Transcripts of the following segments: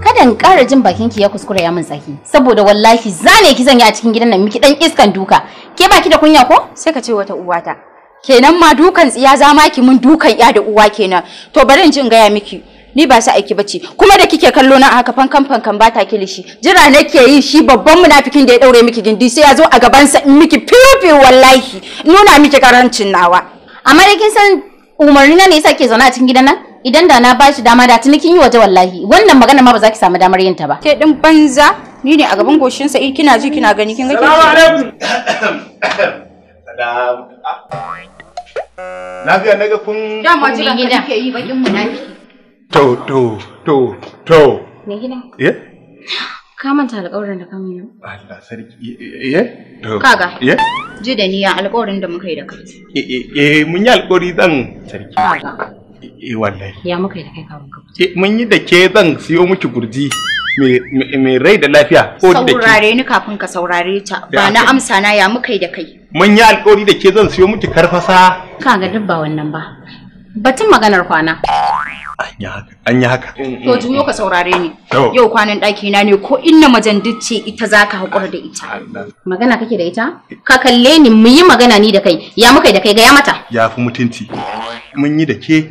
Kada ƙara jin bakin ki ya kuskura ya min tsaki saboda wallahi zane ki zanya a cikin gidan nan miki ɗan iskan duka ke baki da kunya ko sai ka ce wata uwata kenan ma dukan tsiya zama ki mun dukan ya da uwa kenan to bari in ji gaya miki ni ba sa aiki bace kuma da kike kallo na haka fankan fankan ba ta kilishi jira nake yi shi babban munafikin da ya daure miki gindi sai ya zo a gaban sa in miki fifi wallahi nuna miki karancin nawa amma da kin san umarni na ne yasa ke zauna a cikin gidan nan idan da na bashi dama da tuni kin yi waje wallahi wannan magana ma ba za ki samu damar yin ta ba ke din banza ni ne a gaban goshin sa eh, kina ji kina gani kin ga salamu alaikum salam ah. lafiya naga kun ma jiran ka kike yi bakin munafiki To, to, to, to. Me gida? Ye? Ka manta alƙawarin da ka yi. Allah sarki. Ye? To. Kaga. Ye? Ji da ya alƙawarin da muka yi da kai. Eh, mun yi alƙawari zan sarki. Kaga. Eh, wallahi. Ya muka yi da kai ka ka fita. Mun yi da ke zan siyo miki gurji. mai rai da lafiya ko da ke saurare ni kafin ka saurare ta ba na amsa na ya muka da kai mun yi alƙawari da ke zan siyo miki karfasa kaga duk ba wannan ba batun maganar kwana an yi haka mm, mm, to mm. juyo ka saurare ni yau kwanan ɗaki na ne ko inna majandice ita za ka haƙura da ita magana kake da ita ka kalle ni mu yi magana ni da kai ya muka da kai gaya mata ya fi mutunci mun yi da ke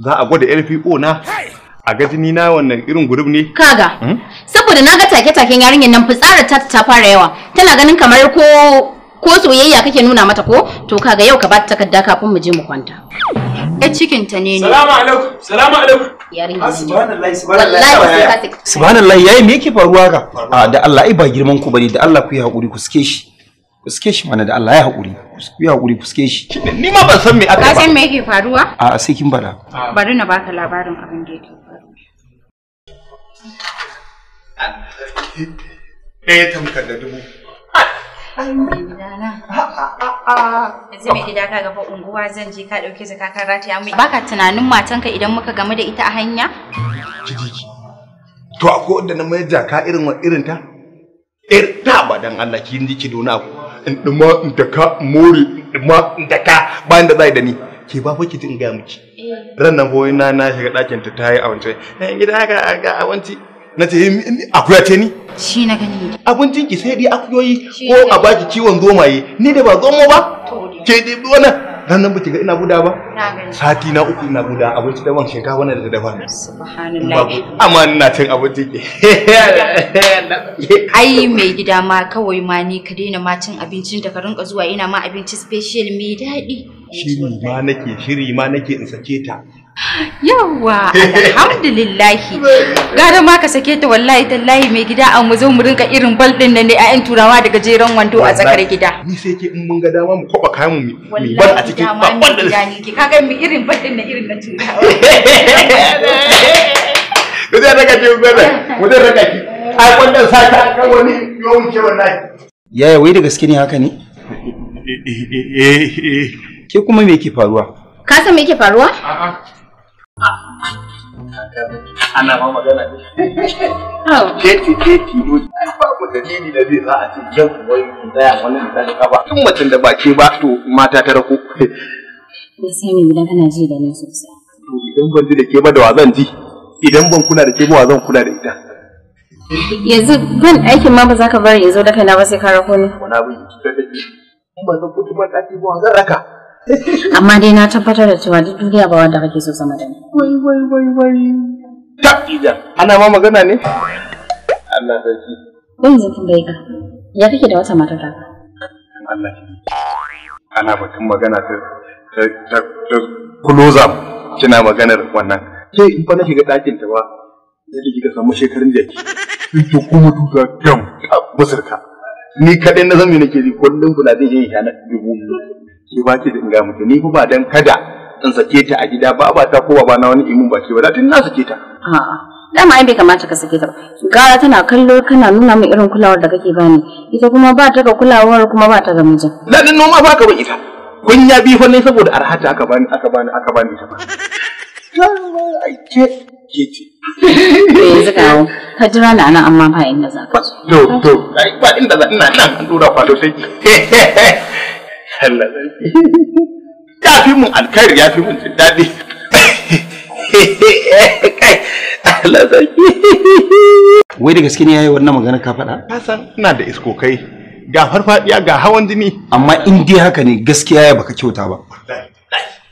za a gwada lpo na a ga jini na wannan irin gurub ne kaga hmm? saboda na ga take-taken yarinyar nan fitsarar ta ta fara yawa tana ganin kamar ko ko soyayya kake nuna mata ko to kaga yau ka ba ta takarda kafin mu je mu kwanta cikin ta ne ne. Salamu alaikum. Salamu alaikum. Yarinya. Subhanallah. Subhanallah. Subhanallah yayi me yake faruwa ga? A ah, da Allah ai ba girman ku bane da Allah ku yi hakuri ku suke shi. Ku suke shi mana da Allah ya hakuri. Ku yi hakuri ku suke shi. Ni ma ban san me aka ba. Ka san me yake faruwa? A ah, sai kin bada. Ah. Bari na baka labarin abin da yake faruwa. Ɗaya eh, tamkar da dubu. Ai, mai yanzu mai gida ka gaba unguwa zan je ka dauke zaka ka rataya mai baka tunanin matanka idan muka gamu da ita a hanya to akwai wanda na mai jaka irin wa irin ta ir er, ta ba dan Allah ki ji ki dona ku in dima in daka more in ma in daka bayan da zai da ni ke ba fake tin ga miki eh. ran nan boye na na shiga dakin ta ta yi a wancan gida ga a wanci na ce eh, akuya ce ni shi na gani abincin ki sai dai akuyoyi ko a baki kiwon zomaye ni da ba zomo ba ke dai wannan ranan ba ki ga ina guda ba sati na uku ina guda abinci daban shinkafa na da dafa subhanallahi amma ina cin abinci ke ai mai gida ma kawai ma ni ka daina ma cin abincin da ka rinka zuwa ina ma abinci special mai daɗi shiri ma nake shiri ma nake in sake ta Yawwa, alhamdulillahi. Gara ma ka sake ta wallahi tallahi mai gida a mu zo mu rinka irin bal din nan ne a yan turawa daga gajeren wando a tsakar gida. Ni sai ke in mun ga dama mu kwaba kayan mu mu bal a cikin babban da zai. Ka ga mu irin bal din na irin na turawa. Kuda daga ce gwada, kuda daga ki. Ai wannan sata kan wani yawun ce wallahi. Yaya wai da gaske ne haka ne? Eh eh eh, eh eh eh. Ke kuma me yake faruwa? Ka san me yake faruwa? A'a. ana ma magana ne? da shi jeti jeti ne babu dalili da zai za a ce yau wai tsaya wani da ta ba tun mutum da ba ke ba to mata ta rako gaskiya mai gidan kana ji da ni sosai to idan ban ji da ke ba da wa zan ji idan ban kula da ke ba wa zan kula da ita yanzu ban aikin ma ba za ka bari yanzu zo da kaina ba sai ka rako ni wani abu da take ba zan kuɗi ba ci ba zan raka amma dai na tabbatar da cewa duk duniya ba wanda kake so sama da ni wai wai wai wai Ana ma magana ne? Allah sarki. Zan zo bai ka. Ya kake da wata mata ta? Allah shi. Ana batun magana ta ta ta kuloza kina maganar wannan. Ke in fa na shiga ɗakin ta ba sai da kika samu shekarun jaki. Ki kuma duka gam a musulka. Ni kadai na zan me nake ji kullum kula zai yi shanar dubu. Ki ba ki da inga mutu ni fa ba dan kada in sake ta a gida ba ba ta ko ba na wani imun baki ba tun na sake ta a'a dama ai bai kamata ka sake ta gara tana kallo kana nuna min irin kulawar da kake bani ita kuma ba ta ga kulawar kuma ba ta ga mijin dadin noma ba ka ba ita kun ya bi fa ne saboda arhata aka bani aka bani aka bani ta ba ke ke ce yanzu kawo ka jira na nan amma ba inda za ka to to ba inda za ina nan an dura kwato sai Allah ya fi mun alkhairi ya fi mun jin daɗi wai da gaske ne yayi wannan magana ka faɗa ka san ina da iskokai ga farfadiya ga hawan jini amma in dai haka ne gaskiya ya baka kyauta ba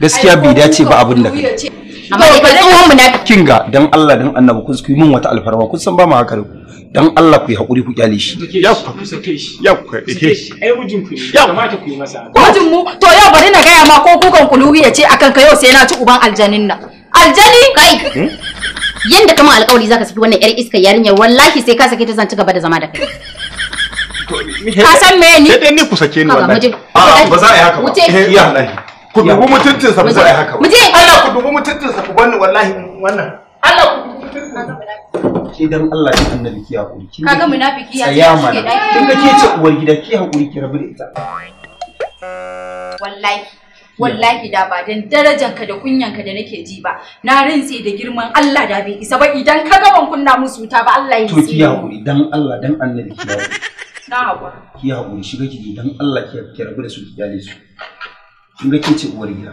gaskiya bai dace ba abin da kai amma ba tsohon munafiki kin ga dan Allah dan annabi kun ku min wata alfarma kun san ba mu haka ku dan Allah ku hakuri ku kyale shi ya ku sake shi ya ku sake shi ai mijin ku ya kamata ku yi masa mijin mu to yau bari na gaya ma ko kukan kuluwi ya ce akan ka yau sai na ci uban aljanin nan aljani kai hmm? yanda kama alƙawari zaka saki wannan yar iskar yarinyar wallahi sai ka sake ta zan ci gaba da zama da kai ka san me ni sai dai ni ku sake ni wallahi ba za a yi haka ba wuce iya wallahi ku dubi mutuntun sa ku haka ba Allah ku dubi sa ku bani wallahi wannan Allah ku ke dan Allah ki annabi ki hakuri ki kaga munafiki ya ce ke dai kin ga ke ce uwar gida ki hakuri ki rabu da ita wallahi wallahi da ba dan da kunyanka da nake ji ba na rintse da girman Allah da bai isa ba idan ka ga ban kunna musu ta ba Allah ya to ki hakuri dan Allah dan annabi ki hakuri na hakuri ki hakuri shiga ki dan Allah ki rabu da su ki kyale kin ga kin ce uwar gida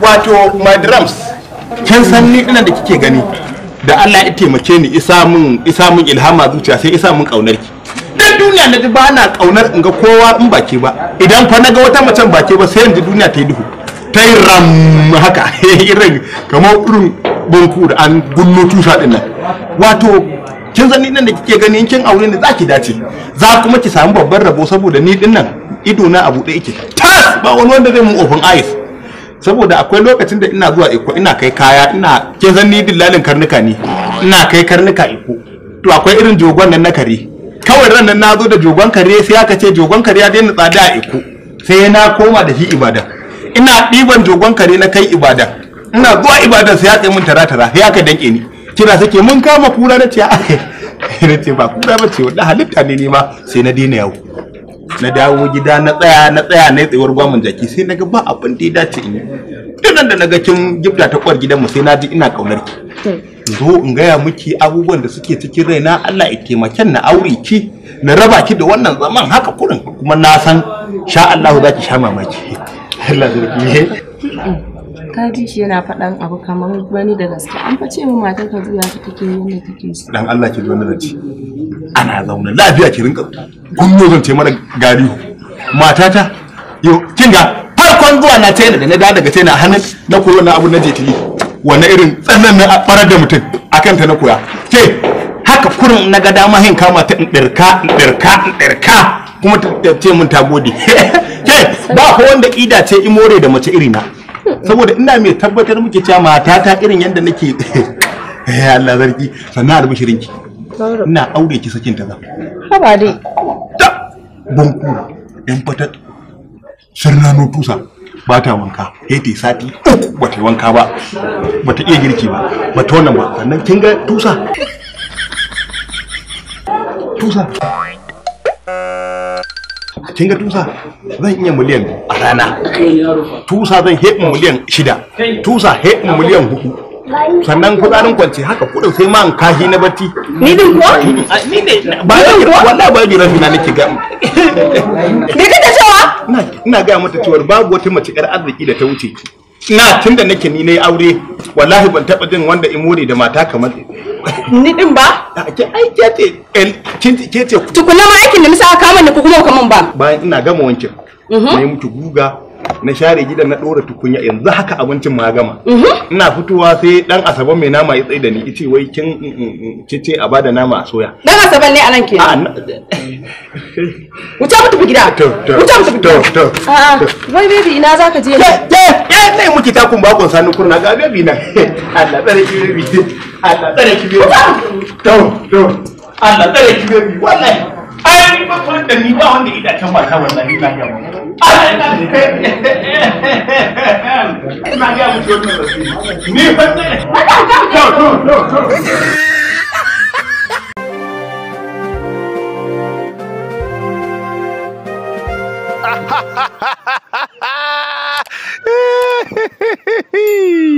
wato my drums kin san ni ina da kike gani da Allah ya taimake ni isa mun isa mun ilhama zuciya sai isa mun kaunar ki dan duniya na ji ba na kaunar in ga kowa in baki ba idan fa naga wata macen baki ba sai in duniya ta yi duhu ta yi ram haka irin kamar irin banku da an gullo tusha din wato kin zan ni nan da kike gani kin aure ni za ki dace za kuma ki samu babban rabo saboda ni din nan ido na abu da yake tas ba wani wanda zai mu open eyes saboda akwai lokacin da ina zuwa iko ina kai kaya ina kin zan ni dillalin karnuka ne ina kai karnuka iko to akwai irin jogon nan na kare kawai ran nan nazo da jogon kare sai aka ce jogon kare ya daina tsada a iko sai na koma da shi ibadan ina ɗiban jogon kare na kai ibadan ina zuwa ibadan sai ya tsaye mun tara tara sai aka danke ni kina sake mun kama kura na ce na ce ba kura ba ce wadda halitta ne ma sai na daina yau na dawo gida na tsaya na tsaya na tsayuwar gwamnan jaki sai na ga ba abin da ya dace in yi da na ga kin gifta ta kwar gidanmu sai na ji ina kaunar ki zo in gaya miki abubuwan da suke cikin raina Allah ya taimaken na aure ki na raba ki da wannan zaman haka kurin kuma na san sha allahu za sha mamaki Allah zai ka ji shi yana faɗan abu kamar wani da gaske an fa ce min matar ka juya ta take yanda take so dan Allah ki zo na zance ana zaune lafiya ki rinka kunyo zan ce mara garihu matata yo kinga farkon zuwa na taina da na da daga a hannun na koyi wannan abu na je tili wannan irin tsannan na farar da mutum akan ta na koya ke haka kurin na ga dama hin kama ta ɗirka ɗirka ɗirka kuma ta ce min ta gode ke ba ko wanda ƙida ce imore da mace irina saboda ina mai tabbatar muke cewa ta irin yadda nake eh Allah zarki sannan albishirin ki ina aure ki sakin ta za haba dai banku yan fatat no tusa ba ta wanka heti sati ba ta wanka ba ba ta iya girki ba ba ta wannan ba sannan kin ga tusa tusa kin ga tusa zan iya miliyan biyu rana tusa zan heɓin miliyan shida tusa heɓin miliyan hudu sannan kudarin kwance haka kudu sai an kahi na batti ni din ko ni ne ba ya kira wallahi ba ya jira fina nake ga ni ta cewa ina ga mata cewa babu wata mace kar arziki da ta wuce ina na tun da nake ni na aure wallahi ban taba jin wanda i more da mata kamar ni din ba ke ai ke ce ke ce tukuna ma aikin da nisa kama ne ku kuma kaman ba bayan ina gama wankin Mm-hmm. na yi mutu guga na share gidan na ɗora tukunya yanzu haka abincin ma gama mm-hmm. ina fitowa sai dan asaban mai nama ya tsaye da ni ice wai kin cece mm, mm, mm, a bada nama a soya dan asaban ne anan kenan ah, wuce mutu gida wuce mutu gida to ah, ah. wai baby ina zaka je ne eh ne muke takun bakon sanu kurna ga baby na Allah tsare ki baby Allah tsare ki baby to to Allah tsare ki baby wallahi ai ba fa da ni ba wanda ita mata wallahi ina ga mu ina ga mu to ni fa ne to to to to Ha ha ha ha ha!